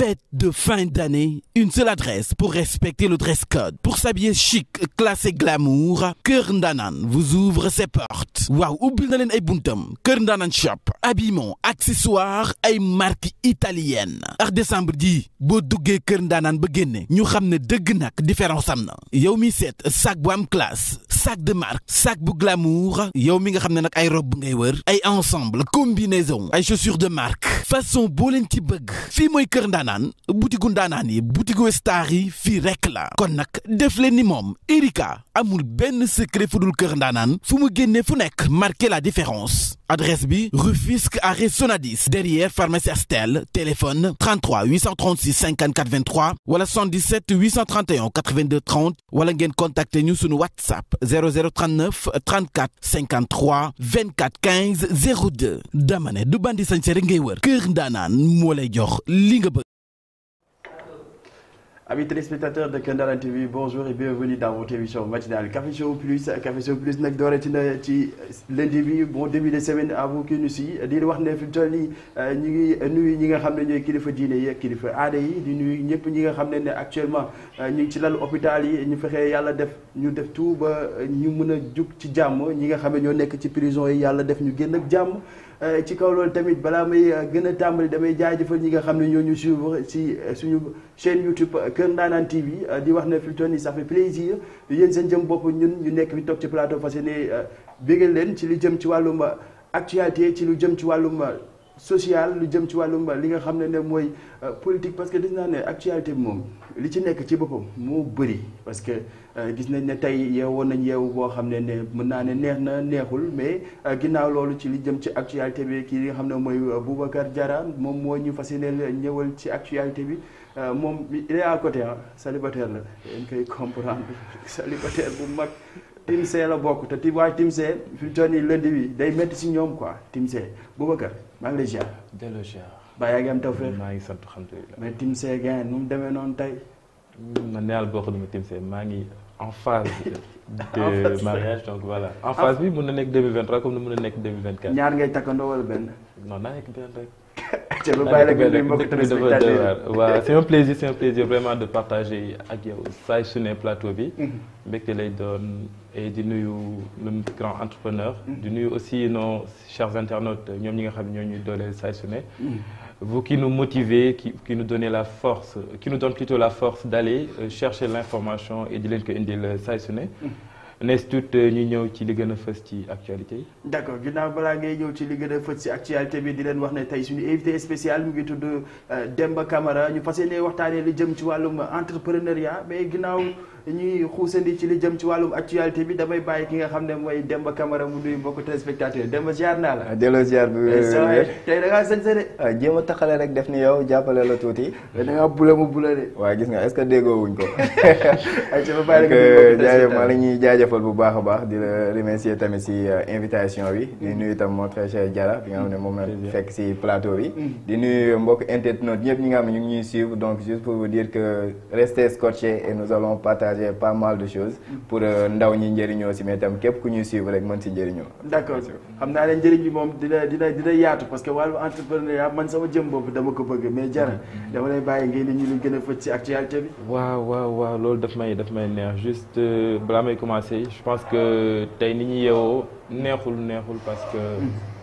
Fête de fin d'année, une seule adresse pour respecter le dress code. Pour s'habiller chic, classe et glamour, Kër Ndanane vous ouvre ses portes. waaw ubbil na leen ay buntam Kër Ndanane shop habillement accessoires ay marque italienne ak décembre ji boo duggee Kër Ndanane ba génne ñu xam ne dëgg nag différence am na yow mi seet sac bu am classe sac de marque sac bu glamour yaw mi nga xam ne nag ay robe ngay wër ay ensemble combinaison ay chaussures de marque façon boo leen ci bëgg ndaanaan butigu ndaanaan yi butigu star yi fii rek la kon nag def leen ni moom Erika amul benn secret fu dul kër ndaanaan fu mu génnee fu nekk marqué la différence adresse bi Rufisque arrêt Sonadis derrière pharmacie Astel téléphone 33 836 54 23 wala 77 831 82 30 wala ngeen contacter ñu sunu whatsapp 0039 34 53 24 15 02 dama ne du bandi sañ se rek ngay wër kër ndaanaan moo lay jox li nga bëgg Amis téléspectateurs de Kendalan TV bonjour et bienvenue dans votre émission matinale Café Show Plus Café Show Plus nag dooreeti na ci lundi bi bon début de semaine à vous qui nous suivez di wax ne fi mu toll euh, ñu ngi nuyu ñi nga xam ne ñooy kilifa diine yi kilifa aada yi di ñëpp ñi nga xam ne ne actuellement euh, ñu ngi ci lal hôpital yi ñu fexe yàlla def ñu def tout ba ñu mën a jug ci jàmm ñi nga xam ne ñoo nekk ci prison yi yàlla def ñu génn ak jàmm. Euh, ci kaw loolu tamit balaa may euh, gën a tàmbali damay jaajëfal ñi nga xam ne ñoo ñu suivre si euh, suñu chaîne YouTube Kër Ndanane TV di wax na fi mu toll nii ça fait plaisir yéen seen jëm bopp ñun ñu nekk fi toog ci plateau fas yéene bégal leen ci lu jëm ci wàllu wàllum actualité ci lu jëm ci wàllum. social lu jëm ci wàllu wàllum li nga xam ne ne mooy politique parce que dañ naa ne actualité bi moom li ci nekk ci boppam moo bëri parce que Euh, gis nañ ne tey yeewoon nañ yeewu boo xam ne ne mën naa ne neex na neexul mais euh, ginnaaw loolu ci li jëm ci actualité bi kii li nga xam ne mooy euh, Boubacar Diarra moom moo ñu fas yéene ñëwal ci actualité bi moom il est à côté ah célibataire la dañ koy comprendre célibataire bu mag Tim See la bokk te ti waaye Tim See fi mu toll nii bi day métti si ñoom quoi Tim See Boubacar maa ngi la ziar. delloo ziar. baa yaa ngi am tawfeex. maa ngi sant alhamdulilah. mais Tim See nu mu demee noonu tey. daal bokk na ma Tim See ngi. en phase. de mariage donc voilà. en phase bi mën na nekk 2023 comme ni mën na nekk 2024. ñaar ngay takkandoo wala benn. non naa nekk benn rek. te lu bàyyi la que ni mbokk téléspectateur waaw c'est un plaisir c'est un plaisir vraiment de partager ak yow plato su ne plateau bi. Mhm. mbégte lay doon et di nuyu le grand entrepreneur. Mhm. di nuyu aussi non nos chers internautes ñoom ñi nga xam ñoo ñuy dooleel saa su ne. Mhm. vous qui nous motivez, qui, qui, nous donnez la force, qui nous donne plutôt la force d'aller euh, chercher l'information et di leen ko indil euh, saa su ne. Mm-hmm. nees tuut euh, ñu ñëw ci li gën a fës ci actualité yi. d' accord ginnaaw balaa ngay ñëw ci li gën a fës ci actualité bi di leen wax ne tey suñu invité spécial mu ngi tudd ba Camara ñu fas yéene waxtaanee li jëm ci wàllum entrepreneuriat mais ginnaaw. ñuy xuusandi ci li jëm ci wàllum actualité bi damay bàyyi ki nga xam ne mooy Demba Camara mu nuyu mbokku téléspectateur Demba ziar naa la. Ah, delloo ziar bi eh, tey da ngaa sañ ah, jéem a taxale rek def ni yow jàppale la tuuti. Eh, da ngaa bula mu bula de. waaw gis nga est-ce déggoo wuñ ko. ay ba bàyyi rek euh, jaajëf maa la ñuy jaajëfal bu baax a baax di la remercier tamit si euh, invitation bi. di mm-hmm. nuyu itam mon très cher Diarra bi nga xam ne moom fekk si plateau bi. Mm-hmm. di nuyu mbokk internautes ñëpp ñu ngi ñuy suivre donc juste pour partagé pas mal de choses pour euh, ndaw ñi njëriñoo si mais tam képp ku ñuy suivre rek man si njëriñoo d'accord xam naa ne njëriñ bi moom dina dina dina yaatu parce que wàllu entrepreneuriat man sama jëm bopp dama ko bëgg mais jar mm-hmm. dama lay bàyyi ngay li ñu lu gën a fëcc ci actualité bi waaw waaw waaw loolu daf may daf may neex juste euh, balaa may commencer je pense que tey ni ñu yeewoo neexul neexul parce que mm-hmm.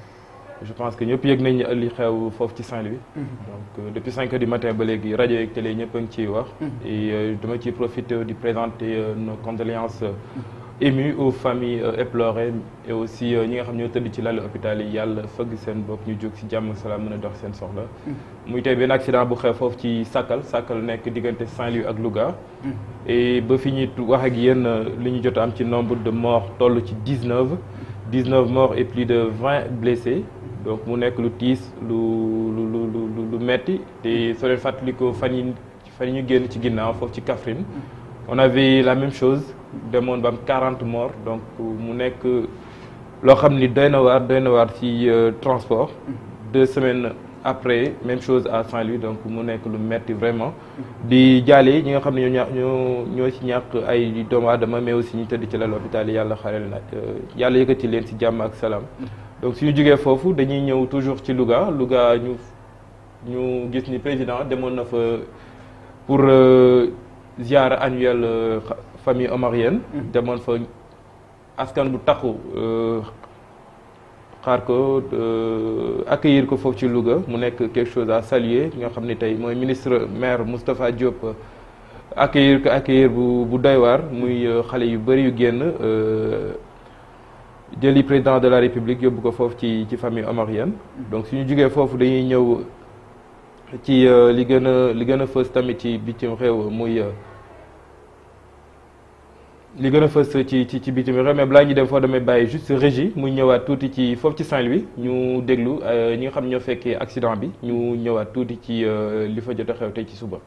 je pense que ñëpp yëg nañ li xew foofu ci Saint-Louis. Mhm. donc euh, depuis cinq heures du matin ba léegi rajo yeeg télé ñëpp a ngi ciy wax. Mhm. et ci euh, ciy profiter di présenter euh, nos condoléances émues aux familles éplorées et aussi ñi nga xam ñoo tëdd ci lalu hôpital yi yàlla fëgg seen bopp ñu jóg si jàmm salaam mën a dox seen soxla. Mhm. muy tey benn accident bu xew foofu ci sàkkal Sakal nekk diggante Saint-Louis ak Louga. et ba fi ñuy wax ak yéen li ñu jot am ci nombre de morts toll ci dix neuf dix neuf morts et plus de vingt blessés. donc mu nekk lu tiis lu lu lu lu metti te soo leen fàttalikoo fan yi fan yi ñu génn ci ginnaaw foofu ci Kaffrine mm. on avait la même chose demoon ba am 40 donc mu nekk loo xam ni doy na waar doy na waar ci euh, transport mm. deux semaines après même chose à Saint-Louis donc mu nekk lu metti vraiment mm. di jaale ñi nga xam ne ñoo ñoo ñoo ci ñàkk ay doomu aadama mais aussi ñu tëdd ci lal hôpital yi yàlla xareel na euh, yàlla yëkkati leen ci jàmm ak salaam donc suñu jógee foofu dañuy ñëw toujours ci Louga Louga ñu ñu gis ni président demoon na fa pour euh, ziara annuelle euh, famille omarienne mm-hmm. demoon fa askan bu taxu euh, xaar ko yir ko foofu ci Louga mu nekk quelque chose à saluer nga xam ni tey mooy ministre maire Moustapha Diop accueillir ko accueillir bu bu doy muy xale yu bëri yu génn jëli président de la république yóbbu ko foofu ci ci famille omarienne donc suñu jugee foofu dañuy ñëw ci euh, li gën a li gën a fës tamit ci bitim réew muy euh, li gën a fës ci ci ci bitim réew mais balaa ñu dem foo demee bàyyi juste régie muy ñëwaat tuuti ci foofu ci Saint-Louis ñu déglu euh, ñi nga xam ñoo fekkee accident bi ñu ñëwaat tuuti ci li fa jot a xew tey ci suba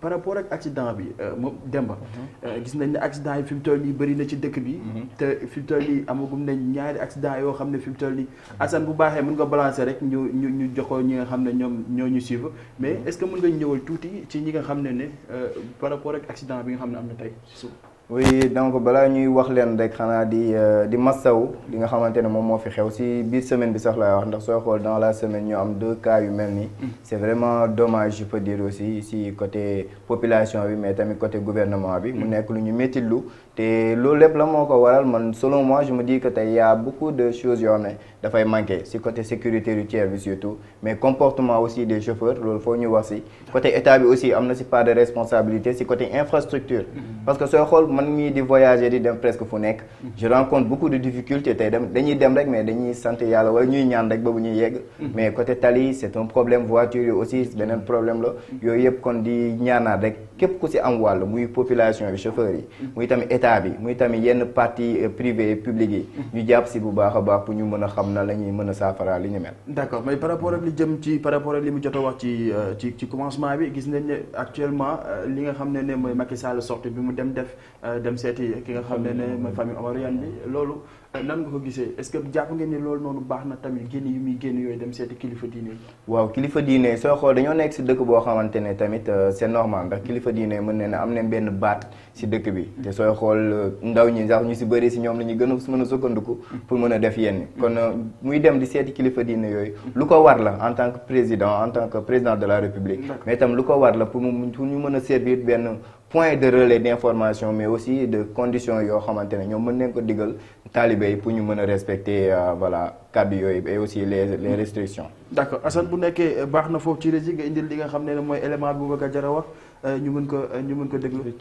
par rapport ak accident bi dem euh, Demba. Mhm. Euh, gis nañ ne accident yi fi mu toll nii bëri na ci dëkk bi. Mhm. te fi yi toll nii amagum nañ ñaari accident yoo xam ne fi mu toll nii mhm. Assane bu baaxee mën nga balancer rek ñu ñu ñu joxoo ñi nga xam ne ñoom ñoo ñu suivre mais est-ce que mën nga ñëwal tuuti ci ñi nga xam ne ne euh, par rapport ak accident bi nga xam ne am na tey suuf. oui donc balaa ñuy wax leen rek xanaa di euh, di massaw li nga xamante ne moom moo fi xew si biir semaine bi sax laay wax ndax soo xool dans la semaine ñoo am de cas yu mel nii. Mm. c' vraiment domage je peux dire aussi si côté population bi mais tamit côté gouvernement bi. mu mm. nekk lu ñu métti lu te loolu lépp la moo ko waral man selon mois je me ko que tey y' a beaucoup de choses yoo xam ne dafay manqué si côté sécurité routière bi surtout mais comportement aussi des loolu foo ñu wax si. côté état bi aussi na si part de responsabilité si côté infrastructure. Mm. man mii di voyager di dem presque fu nekk mhm. je rencontre beaucoup de difficultés tey dem dañuy dem rek mais dañuy sant yàlla wala ñuy ñaan rek ba bu ñuy yegg mhm. mais côté tali c' est un problème voiture yi aussi mhm. beneen problème la yooyu yëpp kon di ñaanaat rek képp ku si am wàll muy population bi chauffeur yi muy tamit état bi muy tamit yenn parti euh, privé et public yi ñu jàpp si bu baax a baax pour ñu mën a xam na la ñuy mën a saafara li ñu mel d' accord mais par rapport ak li ci par rapport ak li mu jot wax ci euh, ci ci commencement bi gis nañ ne actuellement euh, li nga xam ne ne mooy Macky Sall sorti bi mu dem def Euh, dem seeti ki nga xam ne ne mooy famille omarienne bi loolu euh, nan nga ko gisee est-ce que jàpp ngeen ni loolu noonu baax na tamit génn yu muy génn yooyu dem seeti kilifa diine yi waaw kilifa diine ne tamit euh, c'est normal ndax kilifa diine mën ne ne am nañ benn baat si dëkk bi mm. te sooy xool ndaw ñi sax ñu si bëri si ñoom la ñu gën a mën a sukkandiku mm. pour mën a def yenn mm. kon muy dem di seeti kilifa diine yooyu lu ko war la en tant que président en tant que président de la république mais itam lu ko war la pour mu ñu point de relais d'information mais aussi de condition yoo xamante ne ñoom mën nañ ko digal taalibe yi pour ñu mën a respecter euh, voilà kàddu yooyu et aussi les les restrictions. d'accord Assane bu nekkee euh, baax na foofu ci régie nga indil li nga xam ne mooy élément bi Boubacar Diarra wax euh, ñu mën ko ñu mën ko déglu.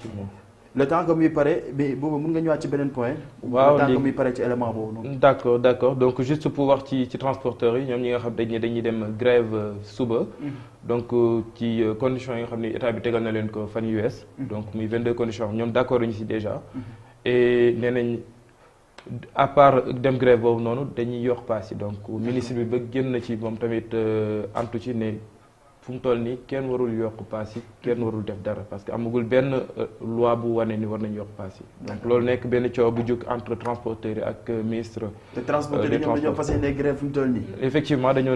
le temps que muy pare boobu mën nga ñëwaat ci beneen point. waaw le temps que muy pare ci élément boobu noonu. d' accord d' accord donc juste pour wax ci ci transporteurs yi ñoom ñi nga xam dañ dañuy dem euh, suba. Mm-hmm. donc euh, ci euh, conditions yi xam ne état bi tegal na leen ko fan US. Mm-hmm. donc muy 22 conditions ñoom d' accord ñu si déjà. Mm-hmm. nee nañ à part dem boobu noonu dañuy yokk paas yi donc ministre bi ba génn ci moom tamit antu ci ne. fu mu toll nii kenn warul yokk paas yi kenn warul def dara parce que amagul benn euh, loi bu wane ni war nañu yokk paas yi. donc loolu nekk benn coow bu jóg entre transporteurs yi ak euh, ministre. Euh, te transporteurs yi ñoom dañoo fas yéene grève fu mu toll nii. effectivement dañoo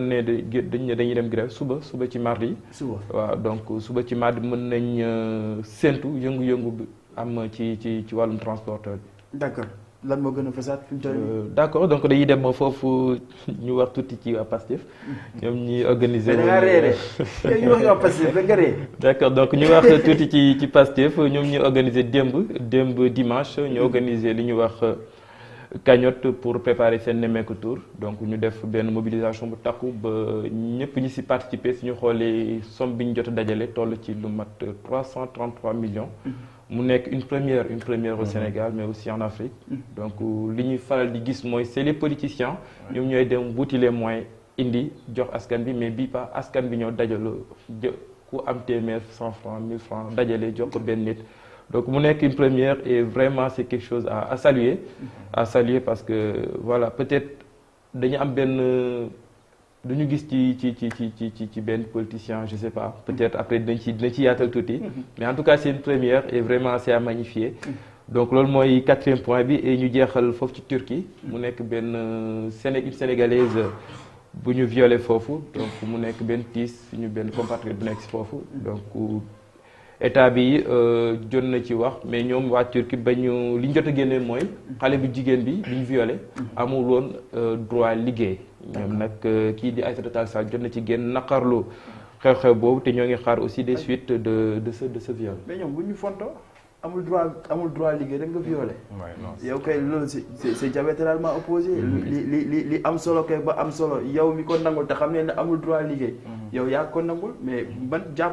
dañuy dañuy dem grève suba suba ci mardi. suba waa donc suba ci mardi mën nañ séentu yëngu-yëngu am ci ci ci wàllum transporteur bi. d'accord. lan moo gën a fësaat fi mu toll nii euh, d' accord donc dañuy dem foofu ñu war tuuti ci waa Pastef. ñoom ñi organiser da ngaa réeré ñu wax donc ñu wax tuuti ci ci Pastef ñoom ñuy organiser démb démb dimanche ñu mm-hmm. organiser li ñu wax euh, cagnotte pour préparer seen nemmeeku donc ñu def benn mobilisation bu takku ba ñëpp ñi si participer suñu xoolee somme bi ñu jot dajale toll ci lu mat cent 333 million mm-hmm. mu nekk une première une première au mhm. Sénégal mais aussi en Afrique mhm. donc euh, li ñuy faral di gis mooy c'est les politiciens ñoom ñooy dem wuti les moyens indi jox askan bi mais bii pas askan bi ñoo dajaloo ku am téeméer cent francs mille francs dajale jox ko benn nit donc mu nekk une première et vraiment c'est quelque chose à à saluer mhm. à saluer parce que voilà peut-être dañu am benn du ñu gis ci ci ci ci ci ci benn politicien je sais pas peut-être mm-hmm. après dinañ ci dinañ ci yaatal tuuti. Mm-hmm. mais en tout cas c'est une première et vraiment c'est à magnifier. Mm-hmm. donc loolu mooy quatrième point bi ñu jeexal foofu ci Turquie. mu nekk benn euh, Séné une sénégalaise bu ñu violé foofu donc mu nekk benn tiis ñu benn compatriote bu nekk si foofu donc. état bi euh, jot na ci wax mais ñoom waa Turquie ba ñu li ñu jot a génnee mooy xale bu jigéen bi bi ñu violé amul woon euh, droit liggéey ñoom nag euh, kii di Aïssata Tall Sall jot na ci génn naqarlu xew-xew boobu te ñoo ngi xaar aussi des suites de de ce de ce viol mais ñoom bu ñu fonto amul droit amul droit liggéey rek nga violé yow kay loolu c'est c'est diamétralement opposé li li li am solo kay ba am solo yow mi ko nangul te xam ne ne amul droit liggéey mm-hmm. yow yaa ko nangul mais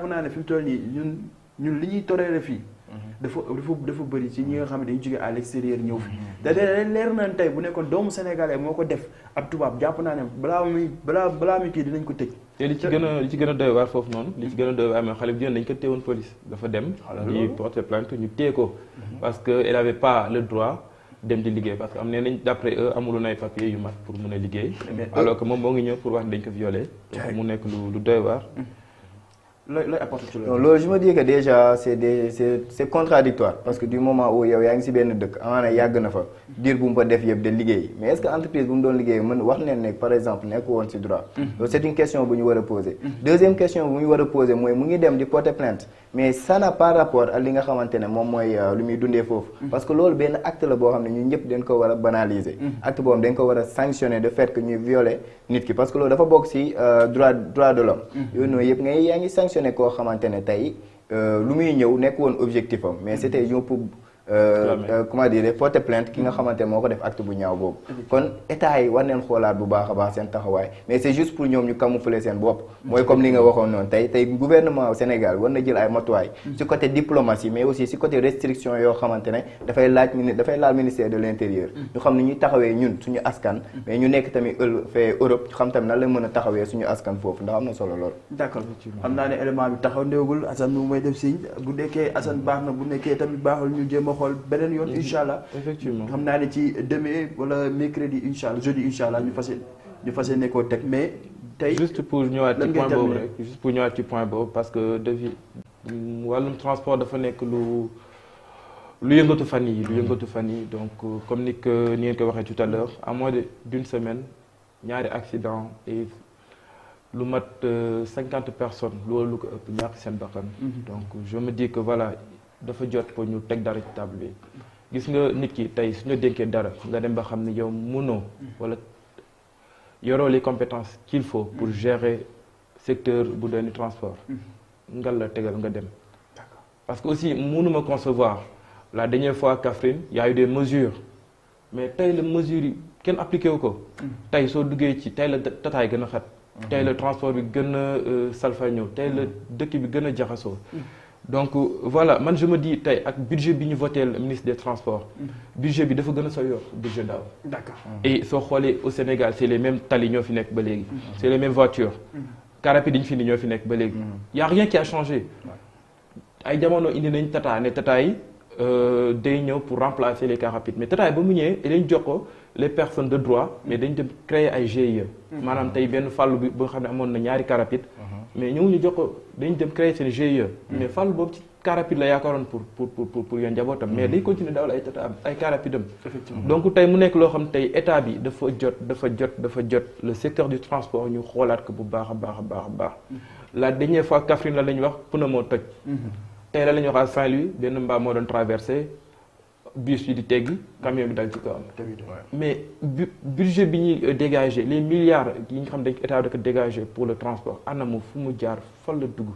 naa ne fi mu toll nii ñun ñun li ñuy toréere fii mhm. dafa dafa dafa bëri ci ñi nga xam ne dañu jógee à l'extérieur ñëw fi mhm. te de leer bu nekkoon doomu sénégalais moo ko def ab tubaab jàpp naa ne balaa muy balaa balaa muy kii dinañ ko tëj te li ci gën a li ci gën a doy waar foofu noonu li ci gën a doy waar mooy xale bi dañ ko téewoon police dafa dem ah, di porter plainte ñu téye ko mhm. parce que elle avait pas le droit dem di liggéey parce que am nee nañ d'après eux amuloon ay papier yu mat pour mun a liggéey alors euh, que moom moo ngi ñëw pour wax ne dañ ko violé mu nekk lu lu doy waar looy looy apporté ci loolu. loolu déjà c' est contradictoire parce que du moment où yow yaa ngi si benn dëkk amaana yàgg na fa diir bu mu fa def yëpp de liggéey mais est entreprise bu mu doon liggéey mën wax neen ne par exemple nekk woon si droit. loolu mm-hmm. c' une question bu ñu war a mm-hmm. deuxième question bu ñu war a mooy mu ngi dem di porter plainte mais ça n' rapport ak li nga xamante ne moom mooy euh, lu muy dundee foofu. Mm-hmm. parce que loolu benn acte la boo xam sélectionné koo xamante ne tey euh, lu muy ñëw nekk woon objectif am mais c'était mm-hmm. pour Euh, euh, comment dire porter plainte ki nga xamante moo ko def acte bu ñaaw boobu kon état yi war neen xoolaat bu baax a baax seen taxawaay mais c'est juste pour ñoom ñu camoufler seen bopp mooy comme li nga waxoon noonu tey tey gouvernement Sénégal war na jël ay matuwaay ci côté diplomatie mais aussi ci côté restriction yoo xamante ne dafay laaj ministère de l'intérieur ñu xam ne ñuy taxawee ñun suñu askan mais ñu nekk tamit fee Europe ñu xam tamit a xool beneen yoon incha allah effectivement xam naa ne ci demain wala mercredi incha allah jeudi incha allah ñu fas ñu fas se koo teg mais tey juste pour ñëwaat ci point boobu rek pour ñëwaat ci point boobu parce que defi wàllum transport dafa nekk lu lu yëngatu fan yi lu mm-hmm. yëngatu fan yi donc euh, comme ni que ni ngeen ko waxee tout à l'heure à moins d'une semaine ñaari accident et lu mat euh, cinquante personnes loolu lu ko ëpp ñàkk seen bakkan mm-hmm. donc je me dis que voilà dafa jot pour ñu teg dara ci table bi gis nga nit ki tey suñu dénkee dara nga dem ba xam ni yow munoo wala yoroo les compétences qu'il faut pour gérer secteur bu doon transport nga la tegal nga dem parce que aussi munuma concevoir la dernière fois à Kaffrine y a eu des mais tey la mesure yi kenn appliqué wu ko tey soo duggee ci tey la tataay gën a xat tey la transport bi gën a euh, salfañoo tey la dëkk bi gën a jaxasoo donc euh, voilà man je me dis tey ak budget bi ñu voté le ministre des transports mhm. budget bi dafa gën a sooy yor budget daaw d'accord mhm. soo xoolee au Sénégal c'est les mêmes tali ñoo fi nekk ba léegi mhm. c'est les mêmes voitures car rapide yi ñu fi ni ñoo fi nekk ba léegi y a rien qui a changé ay jamono indi nañ tata ne tata yi euh, day ñëw pour remplacer les cars rapides mais tata ba mu ñëwee dañ jox ko les personnes de droit mais dañu dem créer ay GIE maanaam tey benn fàll bi ba xam ne amoon na ñaari cars rapides mais ñëwuñu jox ko dañu dem créer seen GIE. Mm. mais fàll boobu ci car rapide la yaakaaroon pour pour pour pour yoon njabootam. mais mm. day continuer dawal ay ay car rapide donc tey mu nekk loo xam tey état bi dafa jot dafa jot dafa jot le secteur du transport ñu xoolaat ko bu baax a baax a baax a baax. Mm. la dernière fois Kaffrine la la ñu wax pneu moo toj. Mm-hmm. tey la la ñu wax à saint benn mbaam moo doon traversé. bus yi di teggi camion bi dal ci kawam mais budget bi ñuy euh, dégagé les milliards yi nga xam dañ état da ko dégagé pour le transport anam fu mu jaar fan la dugg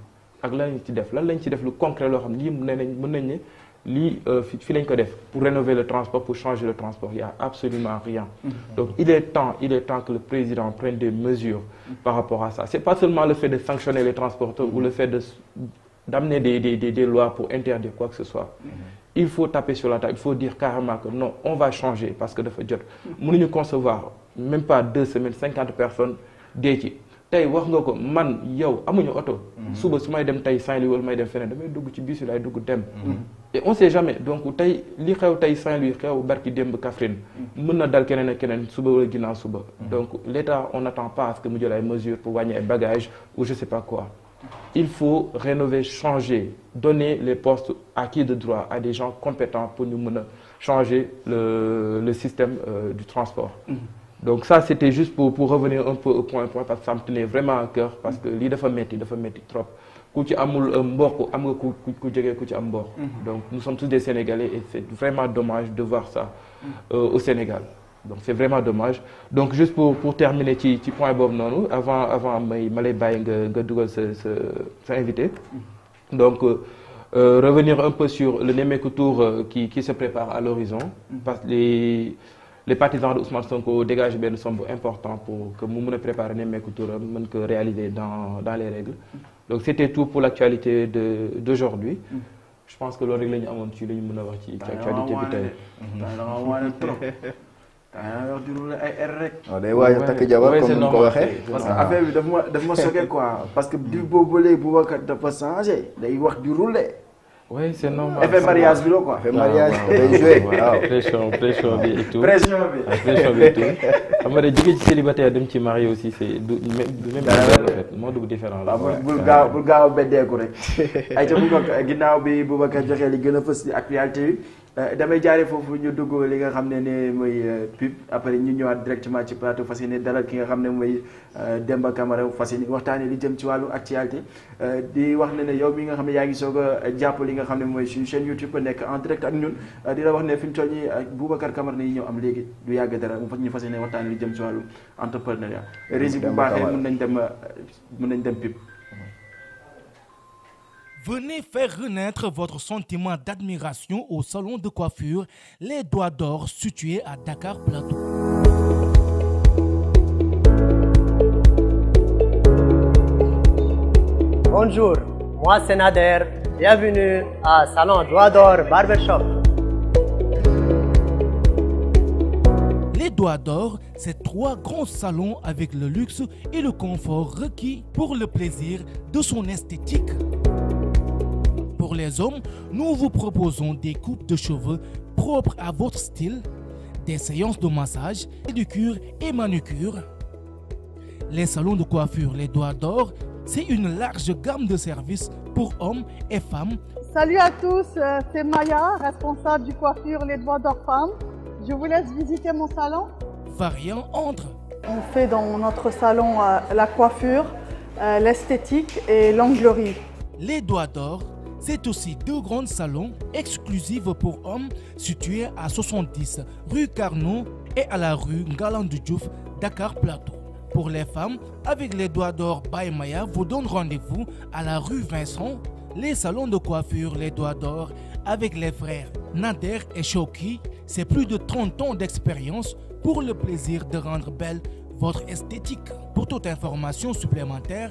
ak lan lañ ci def lan lañ ci def lu concret loo xam lii mën nañ mën nañ ne lii euh, fi lañ ko def pour rénover le transport pour changer le transport il absolument rien mm-hmm. donc il est temps il est temps que le président prenne des mesures mm-hmm. par rapport à ça c'est pas seulement le fait de sanctionner les transporteurs ou le mm-hmm. fait de d'amener des, des, il faut taper sur la table il faut dire carrément que non on va changer parce que dafa jot mënuñu concevoir même pas deux semaines cinquante personnes dee ci tey wax nga ko man yow amuñu oto mhm. suba su may dem tey Saint-Louis wala may dem feneen damay dugg ci biis yi laay dugg dem mhm. et on sait jamais donc tey li xew tey Saint-Louis xew barki démb Kaffrine mhm. mën na dal keneen ak keneen suba wala ginnaaw suba donc l'État on n'attend pas à que mu jol ay mesures pour wàññi ay ou je sais pas Il faut rénover, changer, donner les postes acquis de droit à des gens compétents pour nous mener, changer le, le système euh, du transport. Mm -hmm. Donc ça, c'était juste pour, pour, revenir un peu au point, point, parce que ça me tenait vraiment à cœur, parce que l'idée de mettre, il faut mettre trop. Euh, mm-hmm. Donc nous sommes tous des Sénégalais et c'est vraiment dommage de voir ça mm-hmm. euh, au Sénégal. donc c'est vraiment dommage donc juste pour pour terminer ci ci point boobu noonu avant avant may ma lay bàyyi nga nga dugal sa sa sa mm. donc euh, euh, revenir un peu sur le Nemmeeku Tour euh, qui qui se prépare à l'horizon mm. parce que les les partisans de Ousmane Sonko dégage benn somme important pour que mu mën a préparer Nemmeeku Tour mën ko réaliser dans dans les règles mm. donc c'était tout pour l'actualité de d'aujourd'hui je pense que loolu rek la ñu amoon ci li ñu mën a wax ci actualité bi tey ah dina ay air rek. waaw day waaj a takk jabar comme ni ko waxee. parce que ah. bi daf ma daf ma choqué quoi parce que di boobu ba léegi dafa changé day wax di roulé. oui c' est normal effet mariage bi la quoi. effet mariage ah, day joué waaw pression pression bi et tout. pression bi ah, bi et tout. xam nga de jigéen ci célibataire dem du du bul gaaw bul gaaw a beddeeku rek. ayca bu ko ginnaaw bi Boubacar joxee li gën a fës ci actualité Euh, damay jaaree foofu ñu dugg li nga xam ne ne mooy euh, pub après ñu ñëwaat directement ci plateau fas yéene dalal ki nga xam ne mooy euh, Demba Camara fas yéene waxtaanee li jëm ci wàllu actualité di wax ne ne yow mi nga xam ne yaa ngi soog a jàpp li nga xam ne mooy suñu chaîne YouTube nekk en direct ak ñun di la wax ne fi mu toll nii Boubacar Camara nañu ñëw am léegi du yàgg dara mu fas ñu fas yéene waxtaanee li jëm ci wàllu entrepreneuriat rési bu baaxee mun nañ dem mun nañ dem pub Venez faire renaître votre sentiment d'admiration au salon de coiffure Les Doigts d'Or situé à Dakar Plateau. Bonjour, moi c'est Nader. Bienvenue à Salon Doigts d'Or Barbershop. Les Doigts d'Or, c'est trois grands salons avec le luxe et le confort requis pour le plaisir de son esthétique. les hommes, nous vous proposons des coupes de cheveux propres à votre style, des séances de massage, Les salons de Les Doigts d'Or, c'est une large gamme de services pour hommes et femmes. Salut à tous, euh, c'est Maya, responsable du coiffure Les Doigts d'Or Femmes. Je vous visiter mon salon. Variant entre. On fait dans notre salon euh, la coiffure, euh, l'esthétique et l'anglerie. Les Doigts d'Or C'est aussi deux grands salons exclusifs pour hommes situés à 70 rue Carnot et à la rue Ngalandou Diouf, Dakar Plateau. Pour les femmes, avec les doigts d'or Baïmaya vous donne rendez-vous à la rue Vincent. Les salons de coiffure Les Doigts d'Or avec les frères Nader et Shoki, c'est plus de 30 ans d'expérience pour le plaisir de rendre belle votre esthétique. Pour toute information supplémentaire,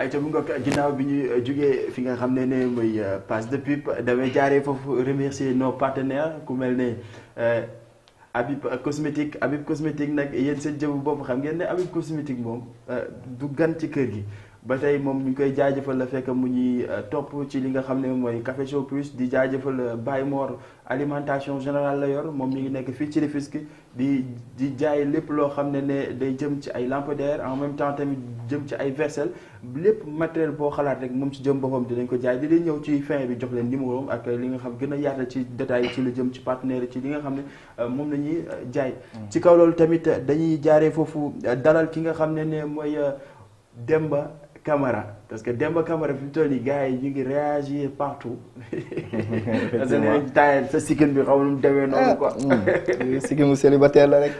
ayca mu ngokk ginnaaw bi ñu euh, jógee fi nga xam ne ne mooy euh, passe de pipe damay jaaree foofu remercier nos partenaires ku mel ne euh, Habib cosmétique Habib cosmétique nag yéen sa jëmu bopp xam ngeen ne Habib cosmétique moom du gan ci kër gi. ba tey moom ñu koy jaajëfal la fekk mu ñuy euh, topp ci li nga xam ne mooy Café Show Plus di jaajëfal euh, Baye Mor alimentation générale la yor moom mi ngi nekk fii ci Rufisque di di jaay lépp loo xam ne ne day jëm ci ay lampadaire en même temps tamit jëm ci ay vaisselle lépp matériel boo xalaat rek moom ci jëm boppam dinañ ko jaay di leen ñëw ci fin bi jox leen numéro ak li nga xam gën a yaatal ci détail ci lu jëm ci partenaire ci li nga xam ne euh, moom la ñuy jaay. Mm. ci kaw loolu tamit dañuy jaaree foofu daral ki nga xam ne ne mooy ba Camara parce que Demba Camara fi mu toll nii gars yi ñu ngi réagir partout. effectivement parce sa sikkin bi xaw ma nu mu demee noonu quoi. Ah, hmm. sikkin mu célibataire la rek.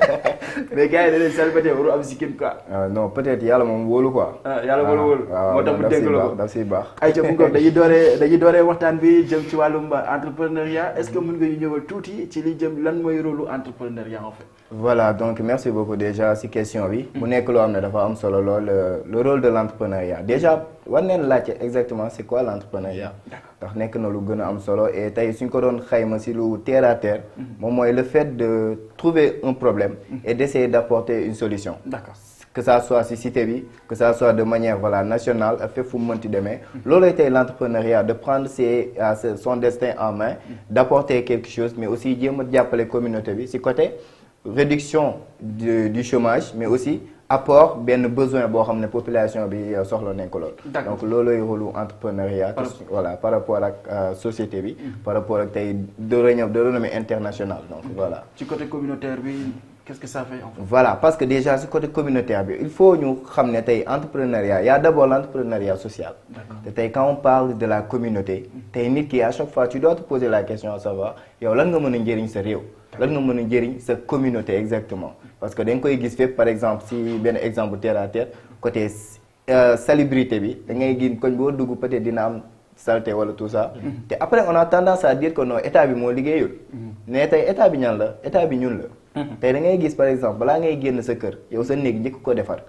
mais gars yi da leen célibataire waru am sikkin quoi. Ah, non peut-être yàlla moom wóolu quoi. Ah, yàlla wóolu wóolu. moo tax mu dégg la ko daf baax ay ca ko dañuy dooree dañuy dooree waxtaan bi jëm ci wàllum entrepreneuriat est-ce que mën nga ñu ñëwal tuuti ci li jëm lan mooy rôle entrepreneuriat en fait. voilà donc merci beaucoup déjà si question bi. Hmm. mu nekk loo xam ne dafa am solo lool euh, le role de l'entrepreneuriat. entrepreneuriat déjà war neen laajte exactement c'est quoi l'entrepreneuriat ndax nekk na lu gën am solo et tey suñ ko doon xayma si lu terre à terre mhm. moom mooy le fait de trouver un problème mhm. et d'essayer d'apporter une solution d'accord que ça soit si bi que ça soit de manière voilà nationale fépp fu mu mënti demee mhm. loolooy tey l'entrepreneuriat de prendre ses euh, son destin en main d'apporter quelque chose mais aussi jéem a jàppale communauté bi si côté réduction du chômage mais aussi apport benn besoin boo xam ne population bi euh, soxla nañ ko lool. donc loolooy rôle entrepreneuriat. voilà par rapport ak euh, société bi. Mm-hmm. par rapport ak tey de renommée de renommée internationale donc mm-hmm. voilà. ci côté communautaire bi. que ça fait en voilà parce que déjà si côté communautaire bi il faut ñu xam ne tey entrepreneuriat y a d'abord l'entrepreneuriat social. te tey quand on parle de la communauté. Mm-hmm. tey nit ki à chaque fois tu dois te la question à savoir yow lan nga mën a njëriñ sa réew. lan nga mën a njëriñ sa communauté exactement parce que dañ koy gis fépp par exemple si benn exemple terre à terre côté euh, salubrité bi da ngay gis koñ boo dugg peut-être dina am saleté wala tout ça mm-hmm. te après on a tendance a dire que non état bi moo liggéeyul mm-hmm. mais tey état bi ñan la état bi ñun la mm-hmm. tey da ngay gis par exemple balaa ngay génn sa kër yow sa néeg njëkk ko defar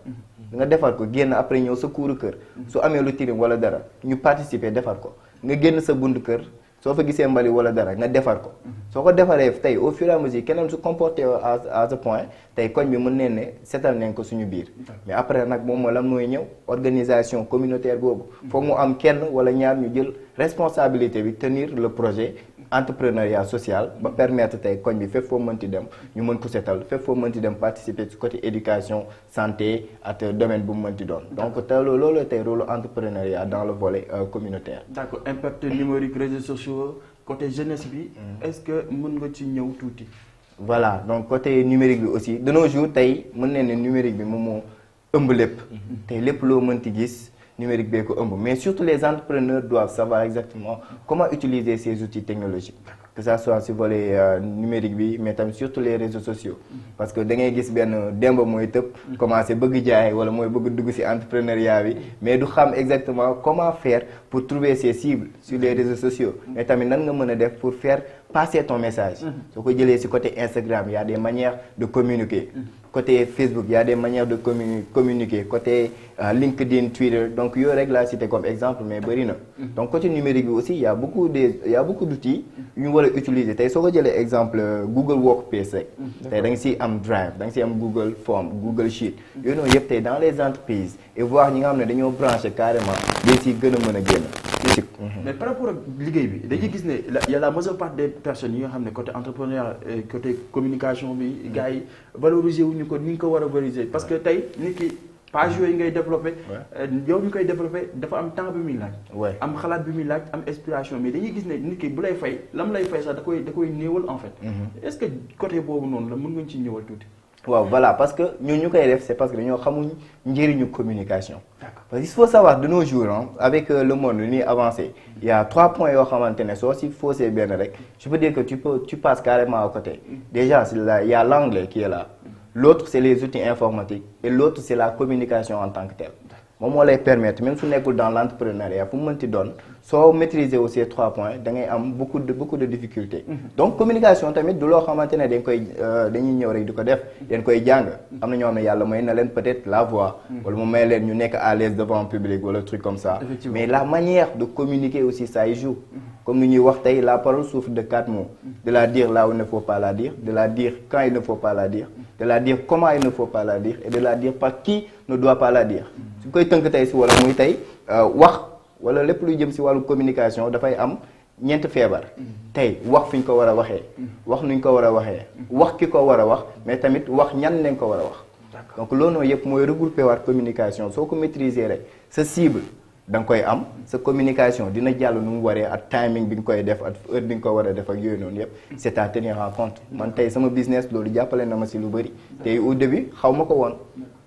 nga defar ko génn après ñëw sa kuuru kër su amee lu tirim wala dara ñu participer defar ko nga génn sa buntu kër soo fa gisee mbali wala dara nga defar ko soo ko defaree tey au fur et à keneen su comporté à ce point tey koñ bi mën ne ne setal nañ ko suñu biir mais après nag moom moo lan mooy ñëw organisation communautaire boobu foog mu am kenn wala ñaar ñu jël responsabilité bi tenir le projet entrepreneuriat social ba permettre tey koñ bi fépp foo mënti dem ñu mën ko setal fépp foo mënti dem participer ci côté éducation santé at domaine bu mu mënti doon donc te loolu tey rôle entrepreneuriat dans le volet euh, communautaire d'accord impact numérique réseaux sociaux côté jeunesse bi mm. es ce que mun nga ci ñëw tuuti voilà donc côté numérique bi aussi danoo jour tey mën ne ne numérique bi mu mu ëmb lépp mm-hmm. tey lépp loo mënti gis numérique bee ko ëmb mais surtout les entrepreneurs doivent savoir exactement comment utiliser ces outils technologiques que ça soit si volet euh, numérique bi mais tamit surtout les réseaux sociaux parce que da ngay gis benn démb mooy tëb commencé bëgg jaay wala mooy bëgg dugg ci entrepreneuriat bi mais du xam exactement comment faire pour trouver ses cibles sur les réseaux sociaux mais tamit nan nga mën a def pour fair passer ton message mm-hmm. soo ko jëlee ci côté Instagram y des manières de communiquer côté Facebook il y a des manières de commu communiquer côté euh, LinkedIn Twitter donc yooyu rek laa cité comme exemple mais bëri na. Mhm. donc côté numérique bi aussi il y a beaucoup de il a beaucoup d'outils yu ñu war a utiliser te soo ko jëlee exemple euh, Google Workspace rek. Mhm. tey da nga siy am Drive da nga siy am Google Form Google Sheet. yooyu noonu yëpp tey dans les entreprises et voir ñi nga xam ne dañoo branché carrément dañ siy gën a mën a génn. Mhm. mais par rapport ak liggéey bi dañuy mhm. gis ne y a la part des personnes yi xam ne côté entrepreneur euh, côté communication bi mhm. gars yi valoriser wuñu ko ni ñu ko war a valoriser parce que tey nit ki page yooyu ngay développé euh, yow ñu koy développé dafa am temps bi muy laaj am xalaat bi muy laaj am inspiration mais dañuy gis ne nit ki bu lay fay lam lay fay sax da koy da koy néewal en fait est-ce que côté boobu noonu la mën nga ci ñëwal tuuti waaw voilà parce que ño ñu koy def c'est parce que dañoo xamuñ njëriñu communication. parce que il faut savoir de nos jours avec euh, le monde ni avancé. il y trois points yoo xamante ne soo si faussé benn rek je peux dire que tu peux tu passes carrément côté. déjà c'est là il y a l'anglais l'autre c'est les outils informatiques et l'autre c'est la communication en tant que telle. moom moo lay permettre même su nekkul dans l'entrepreneuriat pou mu mënti doon. soo maîtriser wu ces trois da ngay am beaucoup de beaucoup de difficultés. Mm-hmm. donc communication tamit du loo xamante ne dañ koy euh, dañuy ñëw rek di ko def. Mm-hmm. dañ koy jàng am na ñoo xam ne yàlla may na leen peut-être la voix. Mm-hmm. wala mu may leen ñu nekk à l'aise devant public wala truc comme ça. mais la manière de communiquer aussi ça y joue. comme ni ñuy wax tey la parole souffre de quatre mots. de la dire là où ne faut pas la dire de la dire quand il ne faut pas la dire. de la dire comment il ne faut pas koy tënk tey si wala muy tey euh, wax. wala lépp luy jëm si wàllu communication dafay am ñeent feebar mm-hmm. tey wax fi ñu ko war a waxee mm-hmm. wax nuñ ko war a waxee mm-hmm. wax ki ko war a wax mais tamit wax ñan lañ ko war a wax donc loolu noonu yëpp mooy regroupé waat communication soo ko maîtriser rek sa cible da koy am sa communication dina jàll nu mu waree ak timing bi nga koy def ak heure bi nga ko war a def ak yooyu noonu yëpp c'est à tenir en man tey sama business loolu jàppale na ma si lu bëri tey au début xaw ma ko woon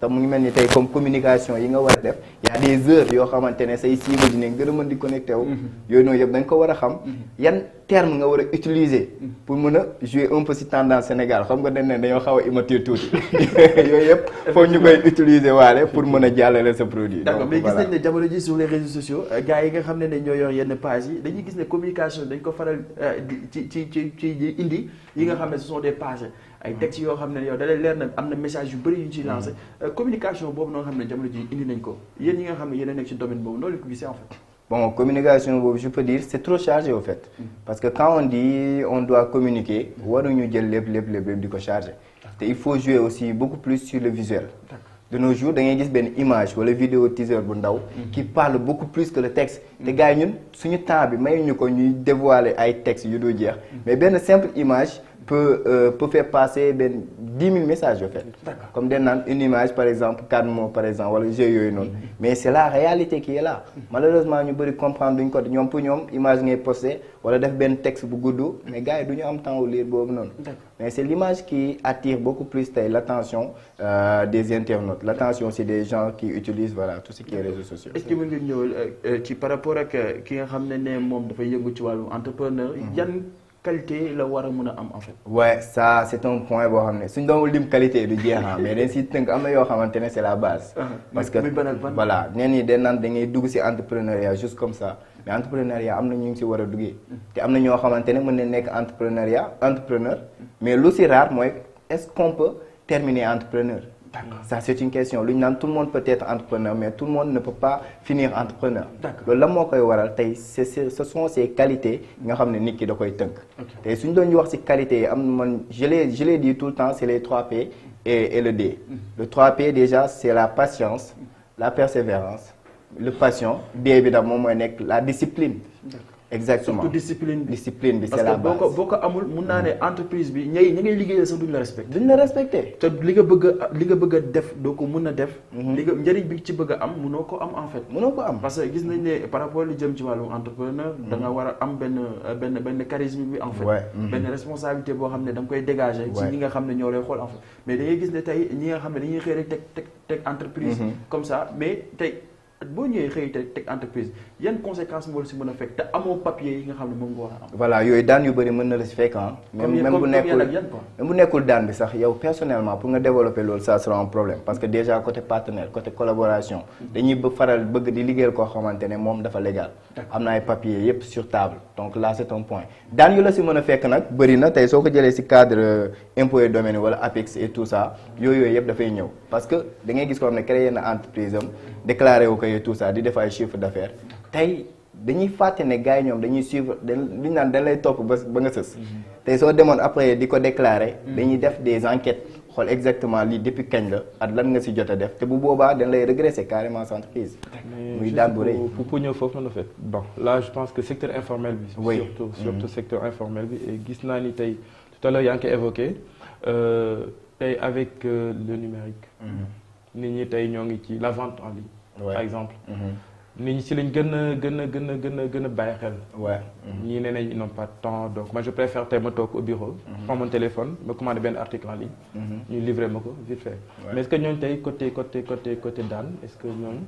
te mu ngi mel ni tey comme communication yi nga war a def y des heures yoo xamante ne say cible dinañ gën a mën di connecté wu. Mm-hmm. yooyu noonu yëpp da nga ko war a xam. Mm-hmm. yan terme nga war a utiliser. Mm-hmm. pour mën a jouer un peu si tendance Sénégal xam nga dem ne dañoo xaw a immature tuuti yooyu yëpp foog ñu koy utiliser waale pour mën a jàllale sa produit. d'accord mais gis ne jamono ji sur les réseaux sociaux euh, gars yi nga xam ne ne ñoo yor yenn page yi dañuy gis ne communication dañ ko faral euh, ci ci ci ci indi yi nga xam ne des pages. ay textes yoo xam ne yow da lay leer na am na message yu bëri yu ci lancé mm-hmm. euh, communication boobu noonu xam ne jamono ji indi nañ ko yéen ñi nga xam ne yéen a nekk ci domaine boobu noonu la ko gisee en fait. bon communication boobu je peux dire c'est trop chargé au fait mm-hmm. parce que quand on dit on doit communiquer waruñu jël lépp lépp lépp di ko chargé te il faut jouer aussi beaucoup plus sur le visuel de nos jours da ngay gis benn image wala vidéo teaser bu ndaw mm-hmm. qui parle beaucoup plus que le texte te gars yi ñun suñu temps bi may ñu ko ñuy dévoiler ay textes yu dul jeex mais benn simple image peut euh, peut faire passer benn dix mille messages en fait. comme dañ naan une image par exemple quatre mots par exemple wala jeu yooyu noonu. Mm-hmm. mais c' est la réalité qui est là. Mm-hmm. malheureusement ñu bëri comprendre duñ ko ñoom pour ñoom image ngay posté wala def benn texte bu gudd. mais gars yi du ñu am temps wu lire boobu noonu. mais c' est l' image attire beaucoup plus tey l' attention euh, des internautes l' attention des gens qui utilisent voilà tout ce que mën euh, euh, par rapport ak ki nga xam ne ne moom dafay yëngu ci wàllu entrepreneur. Mm-hmm. yan. qualité la war a mun a am en fait. ouais ça c' est point boo xam ne suñ doon lim qualité du jeex mais dañ si tënk am na yoo xamante ne c' est la base. Ah, parce que voilà nee nii dañ naan da ngay dugg si entrepreneuriat juste comme ça mais entrepreneuriat am na ñu ngi si war a duggee. te am na ñoo xamante ne mën na nekk entrepreneuriat entrepreneur mais lu si rare mooy est ce qu'on peut terminer entrepreneur. d'accord ça c'est une question lu ñu naan tout le monde peut être entrepreneur mais tout le monde ne peut pas finir entrepreneur. d'accord la moo koy waral tey c'est ce sont ces qualités nga xam ne nit ki da koy tënk. tey suñu doon wax ci qualité yi am man je l'ai je l'ai dit tout le temps c'est les 3 P et le D. Mm. le 3 P déjà c'est la patience la persévérance le passion de bi da moom mooy nekk la discipline. exactement surtout discipline bi discipline bi boo ko boo ko amul mun naa ne mm-hmm. entreprise bi ñay ñi ngay liggéeyee sax duñ la respecté. duñ la respecté. te li nga bëgg li nga bëgg def doo ko mun a def. Mm-hmm. li nga njëriñ bi ci bëgg am munoo ko am en fait. munoo ko am parce que gis nañ ne par rapport li jëm ci wàllum entrepreneur. Mm-hmm. da war a am benn benn benn charisme bi en fait. benn responsabilité boo xam ne da koy dégager. ci ñi nga xam ne ñoo lay xool en fait mais da ngay gis ne tey ñi nga xam ne teg teg teg entreprise. comme boo ñëwee xëy teg entreprise yan conséquences moo la si mën a fekk te amoo papier yi nga xam ne moom nga war am. voilà yooyu daan yu bëri mën na la si fekk ah. même même bu nekkul daan bi sax yow personnellement pour nga développer loolu ça sera un problème parce que déjà côté partenaire côté collaboration. Mm-hmm. dañuy bëgg faral bëgg di liggéeyal koo xamante ne moom dafa légal. am na ay papiers yépp sur table donc là c'est un point daan yu la si mën a fekk nag bëri na soo ko jëlee si cadre euh, impôt et wala APEX et tout ça yooyu yooyu dafay ñëw parce que da ngay gis koo xam ne créé na entreprise déclaré wu ko yooyu tout ça di def ay chiffre d'affaires tey dañuy fàtte ne gars yi ñoom dañuy suivre dañuy naan dañ lay topp ba ba nga sës. Mhm. tey soo demoon après di ko déclaré. Mhm. dañuy def des enquêtes xool exactement lii depuis kañ la ak lan nga si jot a def te bu boobaa dañ lay regresser carrément sa entreprise. muy daan bu rëy pour pour ñëw foofu noonu fait bon là je pense que secteur informel bi. oui surtout mhm. surtout secteur informel bi et gis naa ni tey tout à l'heure yaa euh, avec euh, le numérique. nit ñi tey ñoo ngi ci la vente en ligne. par exemple. Mm-hmm. nit ñi si lañ gën a gën a gën a gën a gën a bàyyi xel. waaw mm-hmm. ñii nee nañ ils n'ont pas de temps donc moi je préfère tey ma toog au bureau. Mm-hmm. prends mon ma benn article en ñu livré ma ko vite fait. tey côté côté côté côté daan est ce que ñooñu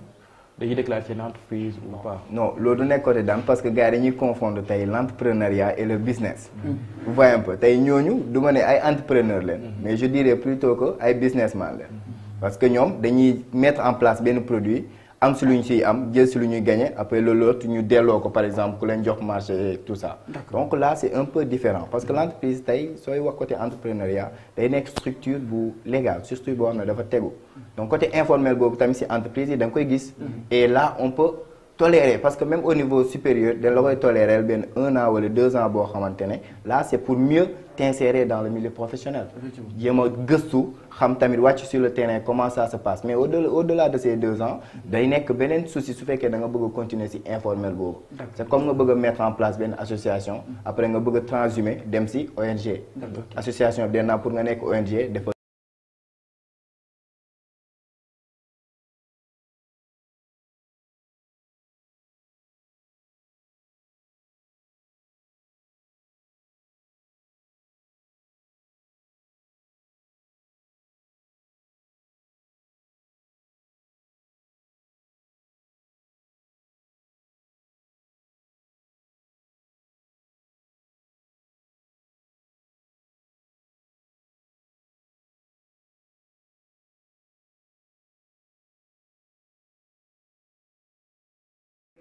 dañuy déclarer seen entreprise ou du nekk côté parce que gars yi dañuy tey l' entrepreneuriat le business. vous voyez un peu tey du ma ay entrepreneur leen. mais je dirais plutôt que ay businessman leen. parce que ñoom dañuy mettre en place benn produit am si lu ñu siy am jël si lu ñuy gagné après le ñu delloo ko par exemple ku leen jox marché tout ça. donc là c' est un peu différent parce que mm-hmm. l' entreprise tey sooy wax côté entrepreneuriat day nekk structure bu légale structure boo xam ne dafa tegu mm-hmm. donc côté informel boobu tamit si entreprise yi da nga koy gis. Mm-hmm. et là on peut. tolérer parce que même au niveau supérieur dañ la koy tolérer benn un an wala deux ans boo xamante ne là c'est pour mieux t'insérer dans le milieu professionnel. jéem a xam tamit wàcc sur le terrain comment ça se passe mais au delà au delà de ces deux ans. day nekk beneen souci su fekkee da nga bëgg a continuer ci informel boobu. c'est comme nga bëgg a mettre en place benn association. après nga bëgg a transhumer dem ci ONG. association bi dee pour nga nekk ONG.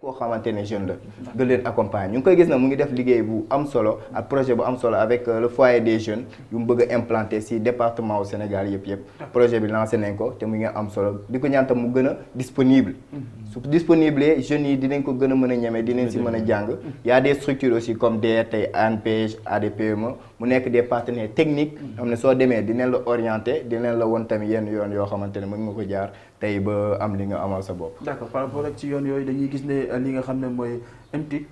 koo xamante ne jeune la nga leen accompagne ñu ngi koy gis na mu ngi def liggéey bu am solo ak projet bu am solo avec euh, le foyer des jeunes yu mu bëgg implanté si ci département Sénégal yëpp yëpp projet bi lancé nañ ko te mu ngi am solo di ko ñaan mu gën a disponible mm-hmm. su disponible jeunes yi dinañ ko gën a mën a ñeme dinañ si mën a jàng mm-hmm. y a des structures aussi comme DRT ANPEJ ADPME mu nekk des partenaires techniques mm-hmm. am ne soo demee dinañ la orienter dinañ la woon tamit yenn yoon yoo xamante ne mën nga ko jaar tey ba am li nga amal sa bopp. d'accord par rapport ak ci yoon yooyu dañuy gis ne euh, li nga xam ne mooy MTIC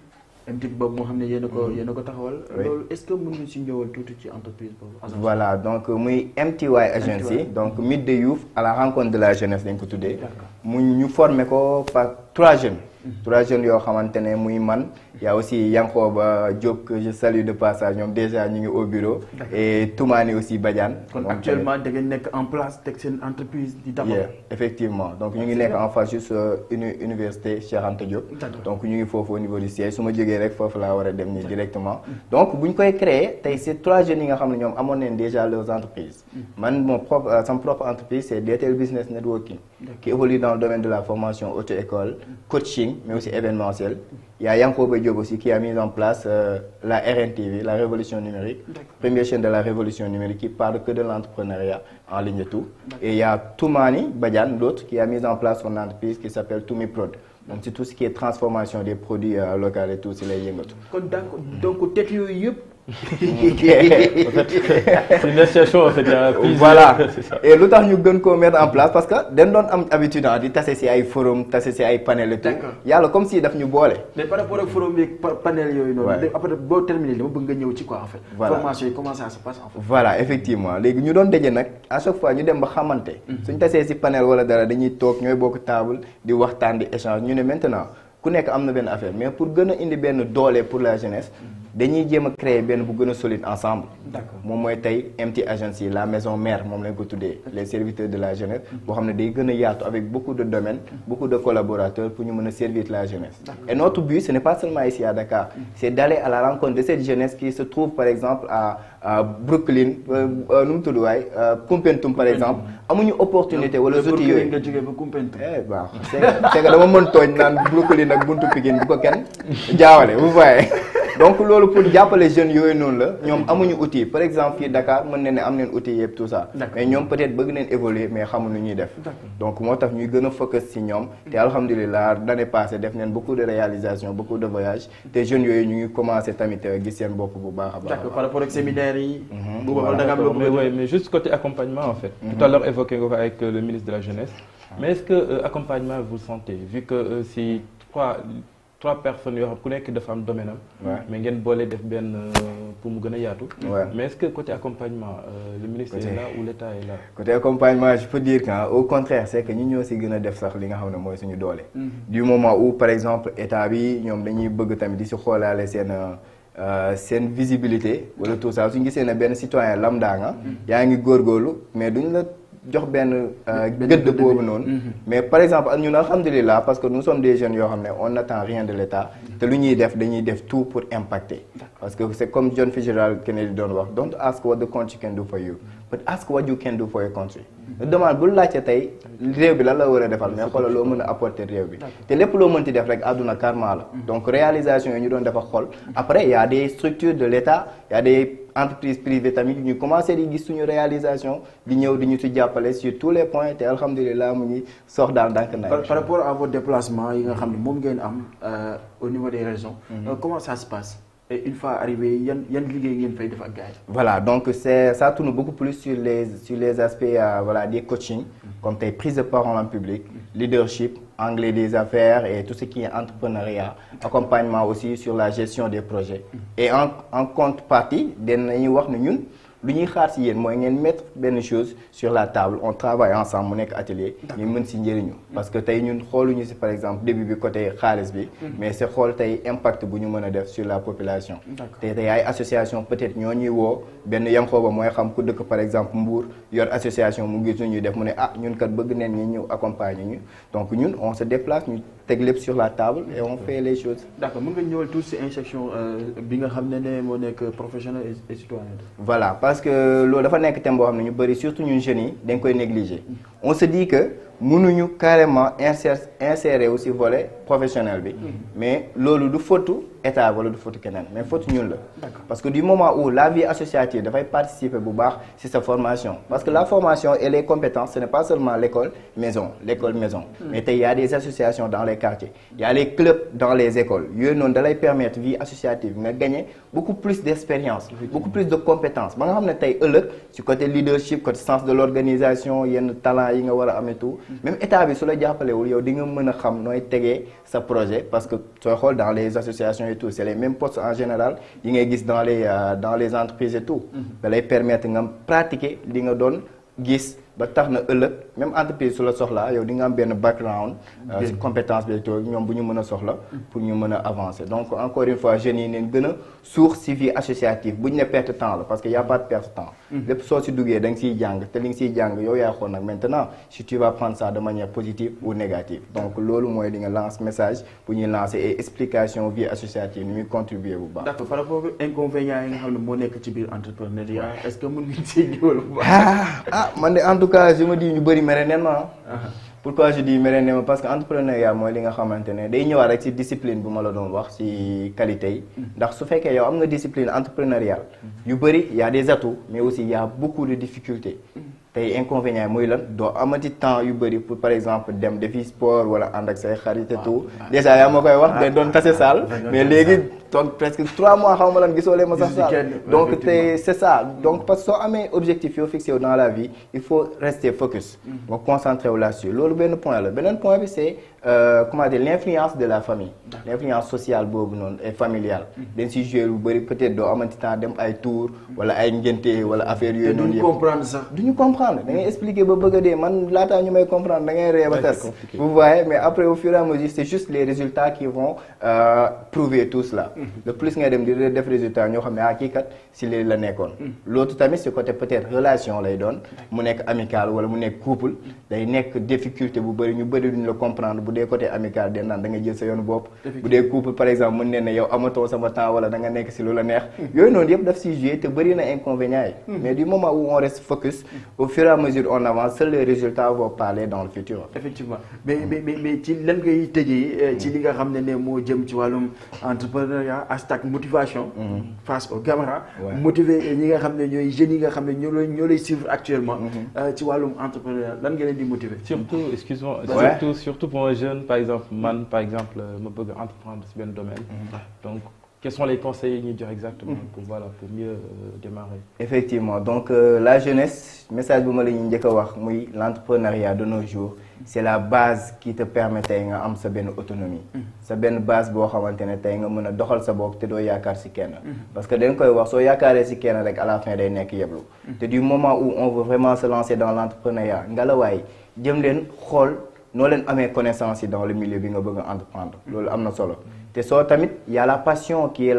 MTIC boobu moo xam ne yéen a ko mm-hmm. yéen ko taxawal. loolu est-ce que mën nga si ñëwal tuuti ci entreprise boobu. voilà donc euh, muy MTY agency donc Meet the Youth à la rencontre de la jeunesse dañ ko tuddee. mu ñu formé ko par trois jeunes. trois jeunes yoo xamante ne muy man yaa aussi Yankhoba Diop que je de passage ñoom déjà ñu ngi o bureau et Toumani aussi Badiane kon actuellement da ngeen nekk en place teg seen entreprise di taxaw effectivement donc ñu ngi nekk en face juste euh, une université Cheikh Anta Diop donc ñu ngi foofu au niveau du siège su ma jógee rek foofu laa war a dem nii directement donc bu ñu koy créer tey c'est trois jeunes yi nga xam ne ñoom amoon nañ déjà leurs entreprises mm. man mon propre euh, sama propre entreprise c'est DTL Business Networking qui évolue formation auto-école mm. série, mais aussi événementielle. Il y Yanko Diop aussi qui a mis en place euh, la RNTV, la révolution numérique, première chaîne de la révolution numérique qui parle que de l'entrepreneuriat en ligne tout. Et il y a Toumani Badian, l'autre, a mis en place son entreprise qui s'appelle Toumiprod. donc c'est tout ce qui est transformation des produits euh, locaux et tout si lay yëngatu. kon donc donc teg yooyu yëpp. c'est une voilà et lu tax ñu gën koo mettre en place parce que dañ doon am habitude ah, di tase si ay forum tase si ay panel et tout yàlla comme si daf ñu boole mais par rapport ak yooyu noonu bëgg nga ñëw ci quoi en fait voilà formation yi comment ça se passe en fait voilà effectivement léegi ñu doon daje nag à chaque fois ñu dem ba xamante mm-hmm. suñ tasee si panel wala dara dañuy toog ñooy bokk table di waxtaan di échange ñu ne maintenant ku nekk am na benn affaire mais pour gën a indi benn doole pour la jeunesse mm-hmm. dañuy jéem a créer benn bu gën a solide ensemble. moom mooy tey MT agency la maison maire moom lañ ko tuddee. les serviteurs de la jeunesse. boo xam ne day gën a yaatu avec beaucoup de domaines. beaucoup de collaborateurs pour ñu mën a servir la jeunesse. et notre but ce n'est pas seulement ici à Dakar. Mm. c'est d'aller à la rencontre de cette jeunesse qui se trouve par exemple à Brooklyn euh, euh, nu mu tudd waay euh, Koumpentoum par exemple. amuñu opportunité wala zoti yooyu nga jógee ba Koumpentoum. eh waaw c'est que dama mën tooñ naan ko kenn jaawale vous donc loolu pour jàppale jeunes yooyu noonu la ñoom amuñu outil par exemple fii Dakar mën na ne am neen outil yëpp tout ça mais ñoom peut-être bëgg neen évoluer mais xamuñu ñuy def donc moo tax ñuy gën a focus ci ñoom te alhamdulilah l'année passée def neen beaucoup de réalisations beaucoup de voyages te jeunes yooyu ñu ngi commencé tamit euh, gis seen bopp bu baax a baax d'accord par rapport ak séminaire yi mhm. mais juste côté accompagnement en fait mhm. tout à l'heure évoqué nga euh, le ministre de trois personnes yoo xam ku nekk dafa am domaine am. mais ngeen boole def benn euh, pour mu gën a yaatu. mais est que côté accompagnement. Euh, le ministère est là ou l'État est là. côté accompagnement je peux dire que au contraire c'est que ñoo si gën a def sax li nga xam ne mooy suñu doole. Mm-hmm. du moment où par exemple État bi ñoom dañuy bëgg tamit di si xoolaale seen. Euh, seen visibilité wala tout ça suñu gisee ne benn citoyen lambda nga mm-hmm. yaa ngi góorgóorlu mais duñ la jox benn euh, gëdd boobu noonu mm-hmm. mais par exemple ak ñun alhamdulilah parce que nous sommes des jeunes yoo xam ne on n'attend rien de l'état te lu ñuy def dañuy def tout pour impacter parce que c'est comme John Fitzgerald Kennedy doon wax don't ask what the consequence do for you but ask what you can do for your country. demande bul laajte tey réew bi lan la war a defal mais xoolal loo mën a apporter réew bi te lépp loo mënti def rek àdduna karma la mm-hmm. donc réalisation yi ñu doon defa xol mm-hmm. après y a des structures de l'État y a des entreprises privées tamit ñu commencé di gis suñu réalisation di ñëw di ñu si jàppale sur tous les points te alhamdulilah mu ngi sox daal ndànk na par rapport à vos déplacements yi nga xam ne moom ngeen am euh, au niveau des régions mm-hmm. euh, comment ça se passe et yan yan liggéey ngeen fay def ak gars voilà donc c'est ça tourne beaucoup plus sur les sur les aspects euh, voilà des coachings mm-hmm. comme tey prise de parole en public mm-hmm. leadership anglais des affaires et tout ce qui est entrepreneuriat accompagnement aussi sur la gestion des projets mm-hmm. et en contre en contrepartie dinañu wax ne ñun. lu ñuy xaar si yéen mooy ngeen mettre benn chose sur la table on travaille ensemble mu nekk atelier ñu mën si njëriñu parce que tey ñun xooluñu si par exemple début bi côté xaalis bi mhm. mais c'est xool tey impact bu ñu mën a def sur la population tey tey ay association peut-être ñoo ñuy woo benn yankooba mooy xam ku dëkk par exemple Mbour yor association mu gis ñu ñuy def mu ne ah ñun kat bëgg neen ñi ñëw accompagne ñu donc ñun on se déplace ñu teg lépp sur la table et on fait les choses. d'accord mën nga ñëwal tuuti ci euh, bi nga xam ne ne moo nekk professionnel et citoyen. voilà parce que loolu dafa nekk thème boo xam ne ñu bari surtout ñun jeunes yi dañ koy négliger on se dit que mënuñu carrément insérer insérer aussi volet professionnel bi mm-hmm. mais loolu du fottu. état wala du faute keneen mais faute ñun la parce que du moment où la vie associative dafay participer bu baax ci sa formation parce que la formation et les compétences ce n'est pas seulement l'école maison l'école maison hmm. mais tey y a des associations dans les quartiers y a clubs dans les écoles yooyu noonu dalay permettre vie associative nga gagner beaucoup plus d'expérience beaucoup plus de compétences ba nga xam ne tey ëllëg ci côté leadership côté sens de l'organisation yenn talent yi nga war a amee tout hmm. état bi su la jàppalewul yow di nga mën a xam nooy tegee sa projet parce que sooy xool dans les associations et tout c'est les mêmes postes en général yi ngay gis dans les euh, entreprises tout. Mm-hmm. da lay nga pratiquer li nga doon gis. ba tax na ëllëg même entreprise su la soxlaa yow di nga benn background euh, compétence bi toog ñoom bu ñu mën a soxla mm. pour ñu mën a avancer donc encore une fois jeunes yi neen gën a suux si vie associative bu ñu ne perte y a mm. te li nga siy jàng yow yaa xool nag maintenant si tu nga lance message bu ñuy lancer et explication vie associative ni muy contribuer bu baax d'accord par rapport inconvénients yi nga xam ne moo nekk ci biir entrepreneuriat est-ce que mën nga bu ah, ah, baax cas je me dis ñu bëri mere neen ma pourquoi je dis mere parce que entrepreneuriat mooy li nga xamante ne day ñëwaat rek si discipline bu ma la doon wax ci qualité yi hmm. ndax su fekkee yow am nga discipline entrepreneuriale hmm. yu bëri yaa a des mais aussi y a beaucoup de difficultés hmm. tey inconvénient muy lan doo amati temps yu bëri pour par exemple dem defi sport wala ànd ak say xarit et tout ah, ah. déjà yaa ma koy wax ah, dañ doon tase saal mais léegi toog presque trois mois xaw ma lan gisoo leen ma sax saal donc tey c'est ça mm-hmm. donc parce que soo amee objectif yoo fixé w dans la vie il faut rester focus mm-hmm. nga concentré wu là-dessus loolu benn point la beneen point bi c'est Euh, comment dire l'influence de la famille l'influence sociale boobu noonu et familiale hmm. dañ siy jouer lu bëri peut-être doo amante temps dem ay tour hmm. wala ay ngénte wala affaire yooyu noonu yëpp duñu comprendre comprendre da expliquer ba bëgg a dee man laataa ñu may comprendre da ngay ree ba tas vous voyez mais après au fur et à mesure c'est juste les résultats qui vont euh, prouver tout cela hmm. le plus ngay dem def résultat ñoo xam ne ah kii kat si la nekkoon l'autre tamit si côté peut-être relation lay doon mu nekk amical ñu bëri duñu la comprendre bu côté amical den naan da nga jël sa yoon bopp bu dee couple par exemple mën ne ne yow amatoo sama temps wala da nekk si lu la neex hmm. yooyu noonu yëpp daf siy joué te bëri na inconvénients yi hmm. mais du moment où on reste focus hmm. au fur à mesure on avance seuls les résultats vont parler dans le futur effectivement mais mais ci lan euh, nga xam ne ne moo jëm ci wàllum entrepreneuriat hashtag motivation face aux caméras motiver ñi nga xam ne ñoo lay suivre actuellement euh, jeune par exemple man par exemple euh, ma bëgg entreprendre si benn domaine. Mhm. donc quels sont les conseils yi ñuy jox exactement. Mhm. pour voilà pour mieux euh, démarrer. effectivement donc euh, la jeunesse message bu ma la ñuy njëkk a wax muy l' entrepreneuriat de nos jours c' la base qui te permet tey nga am sa benn autonomie. Mhm. sa benn base boo xamante ne tey nga mën a doxal sa book te doo yaakaar si kenn. parce que dañ koy wax soo yaakaaree si kenn rek à la fin day nekk yeblu. te du moment où on vraiment se dans l' entrepreneuriat ngelawaay xool. noo leen amee connaissance yi dans le milieu bi nga bëgg a entreprendre loolu am na solo te soo tamit y a la passion qui est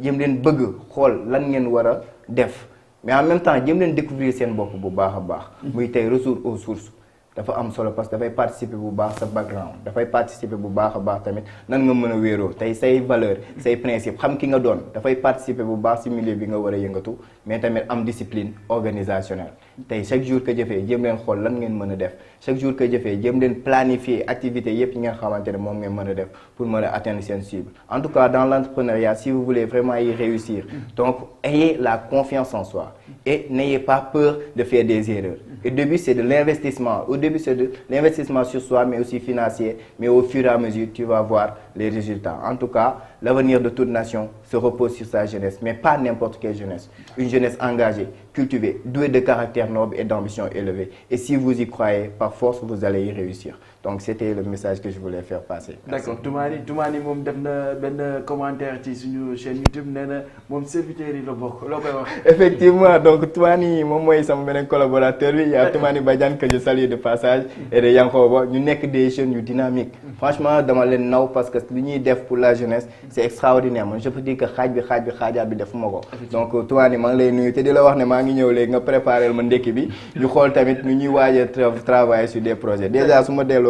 jëm leen bëgg xool lan ngeen war a def mais en même temps jëm leen découvrir seen bopp bu baax a baax muy tey retour au sources dafa am solo parce que dafay participer bu baax sa background dafay participer bu baax a baax tamit nan nga mën a wéeroo tey say valeur say principe xam ki nga doon dafay participer bu baax si milieu bi nga war a yëngatu mais tamit am discipline organisationnelle tey chaque jour que jëfee jéem leen xool lan ngeen mën a def chaque jour que jëfee jéem leen planifier activité yépp yi ngeen xamante ne moom ngeen mën a def pour mën a atteindre seen cible en tout cas dans l'entrepreneuriat si vous voulez vraiment y réussir donc ayez la confiance en soi et n'ayez pas peur de faire des erreurs au début c'est de l'investissement au début c'est de l'investissement sur soi mais aussi financier mais au fur à mesure tu vas voir les résultats en tout cas l'avenir de toute nation se repose sur sa jeunesse mais pas n'importe quelle jeunesse une jeunesse engagée cultivée douée de caractère noble et d'ambition élevée et si vous y croyez par force vous allez y réussir donc c'était le message que je voulais faire passer. Merci. d' accord moom def na benn commentaire ci suñu chaîne YouTube nee na moom serviteur yi la bokk loo koy wax. effectivement donc Toumani moom mooy sama beneen collaborateur bi y' a Toumani Badiane que je salue de passage. Mm-hmm. et de Yankoba ñu nekk des jeunes yu dynamique. Mm-hmm. franchement dama leen naw parce que li ñuy def pour la jeunesse. Mm-hmm. c' est extraordinaire man je peux dire que xaaj bi xaaj bi xaajaat bi defuma ko. maa ngi lay nuyu wax ne maa ngi ñëw léegi nga préparé ma ndekki bi ñuy waaj a travailler sur des projets déjà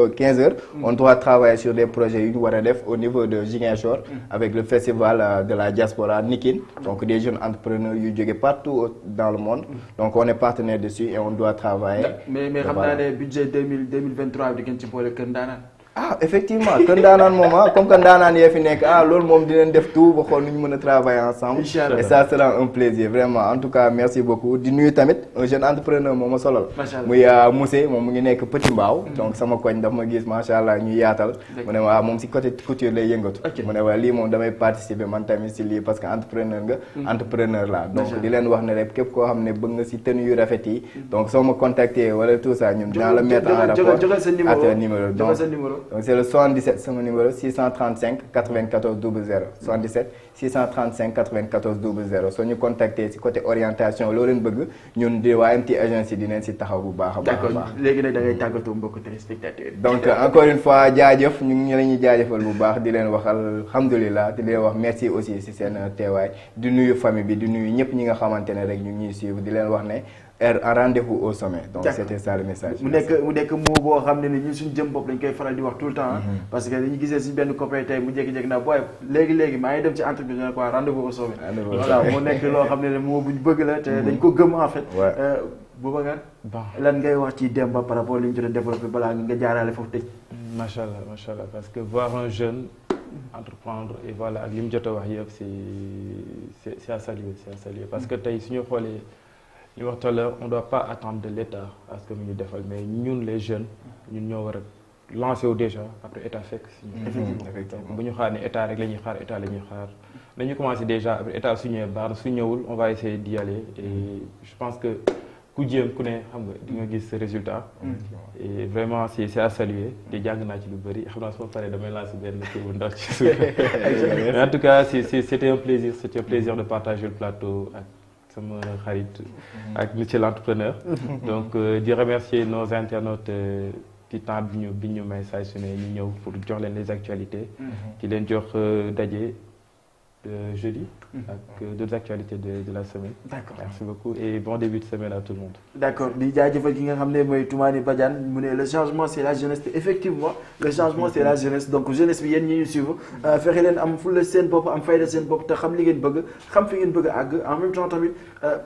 15 heures on doit travailler sur des projets yu war a def au niveau de Ziguinchor mm. avec le festival euh, de la diaspora Nikin mm. donc des jeunes entrepreneurs yu partout dans le monde mm. donc on est partenaire dessus et on doit travailler mais mais xam budget 2023 di ngeen ci boole ah effectivement que ndaanaan moom ah comme que ndaanaan yee fi nekk ah loolu moom dinañ def tout ba xool nu ñu mën a travailler ensemble et ça sera un plaisir vraiment en tout cas merci beaucoup di nuyu tamit un jeune entrepreneur moom a solal muy ah, Moussé moom mu ngi nekk Petit Mbaaw mm. donc sama koñ daf ma gis macha allah ñuy yaatal mu ne waa ah, moom si côté couture lay yëngatu mu ne waa lii moom damay participer man tamit si lii parce que entrepreneur nga mm. entrepreneur la leen wax ne rek képp koo xam ne bëgg nga si tenue yu rafet yi mm. donc soo ma contacté wala tout ça donc c' est le 77 sama numéro 635 94 00 77 635 94 00 soo ñu contacter si côté orientation loo bëgg ñun di waa MT agence dinañ si taxaw bu baax a baax. d' léegi nag da ngay tàggatu mbokk téléspectateur donc encore une fois jaajëf ñu ngi la ñuy jaajëfal bu baax di leen waxal alhamdulilah di leen wax merci aussi si seen teewaay di nuyu famille bi di nuyu ñëpp ñi nga xamante ne rek ñu ngi ñuy suivre di leen wax ne. un rendez-vous au sommet donc c'était ça le message mu nekk mu nekk moo boo xam ne ni ñun suñu jëm bopp dañ koy faral di wax tout le temps mhm. parce que dañu gisee suñu benn copain tey mu jékki-jékki naa booy léegi-léegi maa ngi dem ci entreprise ne quoi ah, rendez-vous au sommet voilà mu nekk loo xam ne ne moo buñ bëgg la te mhm. dañ ko gëm en fait euh, Boubacar lan ngay wax ci Demba par rapport li ñu jot a balaa nga jaaraale foofu tëj macha allah macha allah parce que voir un jeune entreprendre et voilà ak li mu jot a wax yëpp si c'est à saluer c'est à saluer parce que tey suñu xoolee ñu wax tout à l'heure on doit pas attendre de l'État à que mu ñu defal mais ñun les jeunes ñun ñoo war a lancé wu déjà après état fekk mm-hmm. effectivement bu ñu xaar ne état rek la ñuy xaar état la ñuy xaar nañu commencé déjà après état su ñëwee baax su ñëwul on va essayer d'y aller et mm-hmm. je pense que ku jéem ku ne xam nga di nga gis résultat et vraiment c'est c'est à saluer te jàng naa ci lu bëri xam naa su ma paree damay lancer benn kii bu ndax ci suuf en tout cas c'est c'était un plaisir sama euh, xarit ak monsieur l'entrepreneur donc euh, di remercier nos internautes ci euh, temps bi ñu bi ñu may saay su ne ñu ñëw pour jox leen les actualités mm-hmm. di leen jox daje jeudi Mhm. ak euh, d'autres actualités de de la semaine. d'accord merci beaucoup et bon début de semaine à tout le monde. d'accord di jaajëfal ki nga xam ne mooy Toumani Badiane mu ne le changement c'est la jeunesse effectivement le changement c'est la jeunesse donc jeunesse bi yéen ñi ñu suivre euh, fexe leen am fulla seen bopp am fayda seen bopp te xam li ngeen bëgg xam fi ngeen bëgg a en même temps tamit euh,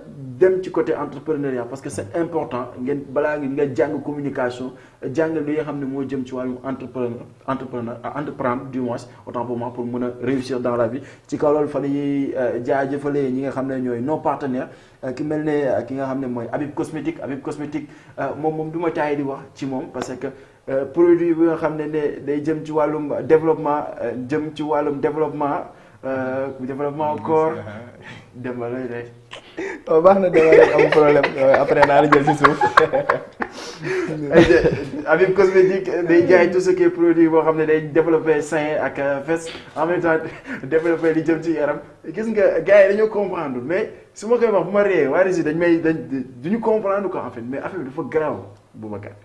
dem ci côté entrepreneuriat parce que c'est important ngeen balaa moo jëm ci wàllum entrepreneur entrepreneur entreprendre a réussir dans la Euh, jaajëfalee ñi nga xam ne ñooy nos partenaires euh, ki mel ne euh, ki nga xam ne mooy Habib Cosmétique Habib Cosmétique moom moom duma ma taay di wax ci moom parce que produit bi nga xam ne ne day jëm ci wàllum développement jëm ci wàllum développement développement corps demal rek. waaw baax na demal rek am problème après naa la jël si suuf. Habib cosmétique day jaay tout ce qui produit boo xam ne day développé sein ak fes en même temps développé li jëm yaram gis nga gars yi dañoo comprendre mais su ma koy wax bu ma réyee waa Régis dañ may dañ duñu comprendre ko en fait mais affaire bi dafa garaaw bu ma gàtt.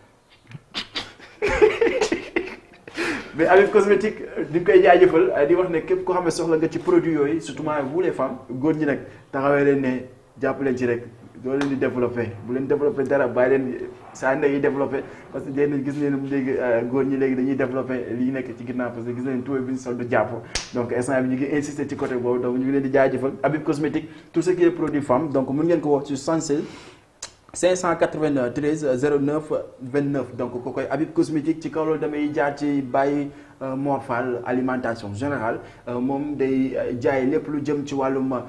mais Habib cosmétique di nga koy jaajëfal euh, di wax ne képp ko xam ne soxla nga ci produit yooyu surtout maa vous les femmes góor ñi nag taxawee rek doo leen di leen développé dara bàyyi leen saa nekk yi développé parce que léegi gis nañu euh, góor ñi léegi dañuy développé lii nekk ci ginnaaw parce que gis nañu tubaab bi ñu boobu ñu ngi leen di jaajëfal Habib cosmétique tout ce qui produit femme donc mun ngeen ko wax ci 76 589 13 vingt 29 donc ku koy Habib cosmétique ci kaw loolu damay jaar ci bàyyi euh, Morphal alimentation général euh, moom day euh, jaay lépp lu jëm ci wàllum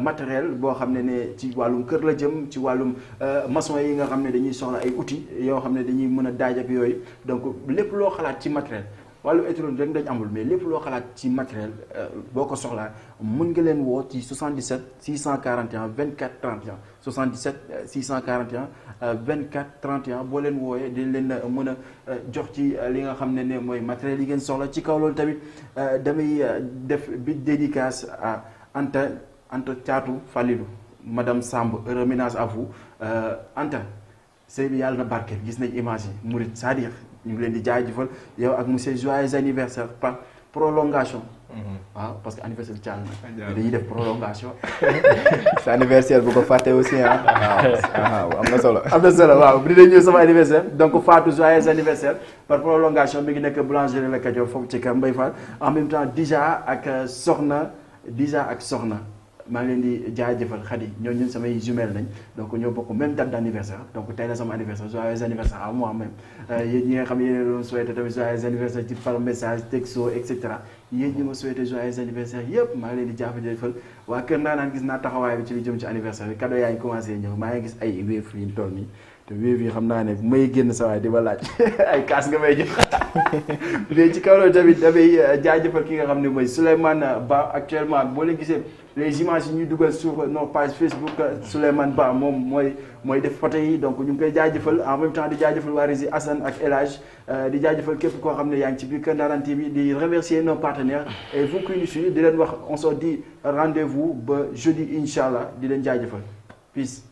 matériel boo xam ne ne ci wàllum kër la jëm ci wàllum maçon yi nga xam ne dañuy soxla ay outils yoo xam ne dañuy mën a daaj yooyu donc lépp loo xalaat ci matériel wàllum électronique rek dañ amul mais lépp loo xalaat ci matériel boo ko soxlaa mun nga leen woo ci 77 641 24 31. 77 641 24 31 boo leen wooyee dañ leen euh, mën a euh, jox ci euh, li nga xam ne ne mooy matériel yi ngeen soxla ci kaw loolu tamit damay def bi dédicace à Anta Anta Thiatou Falilou madame Samb heureux ménage à vous Anta sëy bi yàlla na barke gis nañ image yi Murit cest à ñu ngi leen di jaajëfal yow ak monsieur joyeux anniversaire par prolongation waaw mm-hmm. ah, parce que anniversaire Thial na. dañuy def prolongation. sa anniversaire bu ko fàtte aussi ah. waaw ah, ah, waaw am na solo. am na solo waaw bu dee ñëw sama anniversaire donc Fatou joyeux anniversaire par prolongation mi ngi nekk boulangerie la Kajoor foofu ci Kër Mbaye Fall en même temps déjà ak euh, Soxna déjà ak Soxna. maa ngi leen di jaajëfal jëfal ñoo ñun samay jumelle lañ donc ñoo bokk même date d' anniversaire donc tey la sama anniversaire joyeux anniversaire à moi même euh, yéen ñi nga xam ne yéen a doon souhaité tamit joyeux cetera yéen ñi ma souhaité joyeux anniversaire yëpp maa ngi leen di jaajëfal waa Kër Ndaanaan gis naa taxawaay ci li jëm ci anniversaire bi cadeau yaa ngi ñëw maa ngi gis ay wéef yi toll nii te wéef xam naa ne bu may génn sa di ma laaj ay kaas nga may jox léegi ci kaw loolu tamit damay euh, jaajëfal ki nga xam ne mooy Souleymane Ba actuellement boo leen gisee les images yi ñuy dugal sur nos page Facebook Souleymane Ba moom mooy mooy def photo yi donc ñu ngi koy jaajëfal en même temps di jaajëfal waa Rési Assane ak El Hadj euh, di jaajëfal képp koo xam ne yaa ngi ci biir Keur Ndanane TV di remercier nos partenaires et vous qui nous suivez di leen wax on se dit rendez ba jeudi incha allah di leen jaajëfal peace